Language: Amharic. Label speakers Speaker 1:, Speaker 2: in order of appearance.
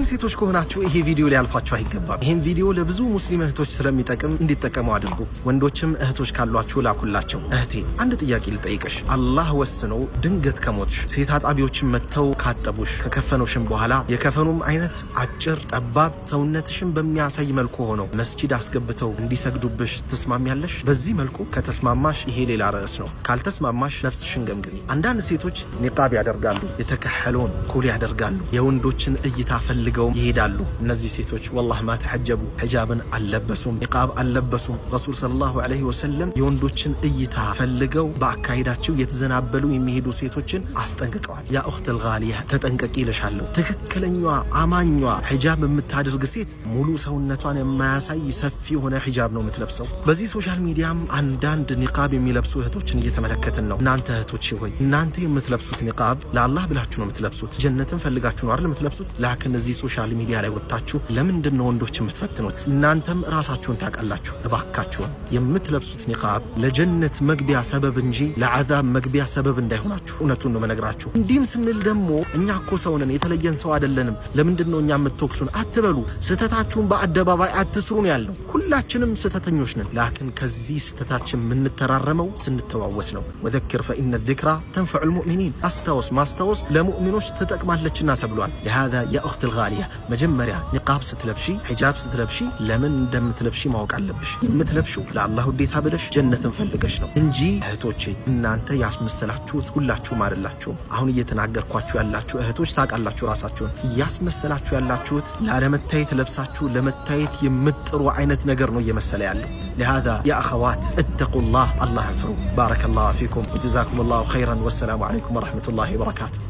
Speaker 1: ሙስሊም ሴቶች ከሆናችሁ ይሄ ቪዲዮ ሊያልፋችሁ አይገባም። ይህም ቪዲዮ ለብዙ ሙስሊም እህቶች ስለሚጠቅም እንዲጠቀሙ አድርጉ። ወንዶችም እህቶች ካሏችሁ ላኩላቸው። እህቴ አንድ ጥያቄ ልጠይቅሽ። አላህ ወስኖ ድንገት ከሞትሽ ሴት አጣቢዎችን መጥተው ካጠቡሽ ከከፈኖሽም በኋላ የከፈኑም አይነት አጭር፣ ጠባብ ሰውነትሽን በሚያሳይ መልኩ ሆነው መስጂድ አስገብተው እንዲሰግዱብሽ ትስማሚያለሽ? በዚህ መልኩ ከተስማማሽ ይሄ ሌላ ርዕስ ነው። ካልተስማማሽ ነፍስሽን ገምግሚ። አንዳንድ ሴቶች ኒቃብ ያደርጋሉ፣ የተከሐለውን ኩል ያደርጋሉ። የወንዶችን እይታ ፈልግ ፈልገውም ይሄዳሉ። እነዚህ ሴቶች ወላህ ማ ተሐጀቡ አልለበሱም፣ ኒቃብ አልለበሱም። ረሱል ሰለላሁ ዐለይሂ ወሰለም የወንዶችን እይታ ፈልገው በአካሄዳቸው የተዘናበሉ የሚሄዱ ሴቶችን አስጠንቅቀዋል። ያ ኡኽተል ጋሊያ ተጠንቀቂ ይልሻለሁ። ትክክለኛዋ አማኟ ሒጃብ የምታደርግ ሴት ሙሉ ሰውነቷን የማያሳይ ሰፊ የሆነ ሒጃብ ነው የምትለብሰው። በዚህ ሶሻል ሚዲያም አንዳንድ ኒቃብ የሚለብሱ እህቶችን እየተመለከትን ነው። እናንተ እህቶች ሆይ እናንተ የምትለብሱት ኒቃብ ለአላህ ብላችሁ ነው የምትለብሱት፣ ጀነትን ፈልጋችሁ ነው አይደል የምትለብሱት። ላክን እዚህ ሶሻል ሚዲያ ላይ ወጥታችሁ ለምንድን ነው ወንዶች የምትፈትኑት? እናንተም ራሳችሁን ታውቃላችሁ። እባካችሁን የምትለብሱት ኒቃብ ለጀነት መግቢያ ሰበብ እንጂ ለአዛብ መግቢያ ሰበብ እንዳይሆናችሁ እውነቱን ነው መነግራችሁ። እንዲህም ስንል ደግሞ እኛ እኮ ሰውንን የተለየን ሰው አይደለንም። ለምንድን ነው እኛ የምትወቅሱን አትበሉ። ስህተታችሁን በአደባባይ አትስሩን ያለው ሁላችንም ስህተተኞች ነን። ላክን ከዚህ ስህተታችን የምንተራረመው ስንተዋወስ ነው። ወዘክር ፈኢነ ዚክራ ተንፈዑ ልሙእሚኒን አስታወስ ማስታወስ ለሙእሚኖች ትጠቅማለችና ተብሏል። ለሃዛ የአኽት ልጋ አሊያ መጀመሪያ ኒቃብ ስትለብሺ ሂጃብ ስትለብሺ ለምን እንደምትለብሺ ማወቅ አለብሽ። የምትለብሺው ለአላህ ውዴታ ብለሽ ጀነትን ፈልገሽ ነው እንጂ እህቶቼ፣ እናንተ ያስመሰላችሁት ሁላችሁም አይደላችሁም። አሁን እየተናገርኳችሁ ያላችሁ እህቶች ታውቃላችሁ ራሳችሁን። እያስመሰላችሁ ያላችሁት ላለመታየት ለብሳችሁ ለመታየት የምትጥሩ አይነት ነገር ነው እየመሰለ ያለው። ለሃዛ ያ አኸዋት እተቁላህ አላህን ፍሩ። ባረከላሁ ፊኩም ወጀዛኩም ላሁ ኸይራን። ወሰላሙ አለይኩም ወረሕመቱላሂ ወበረካቱ።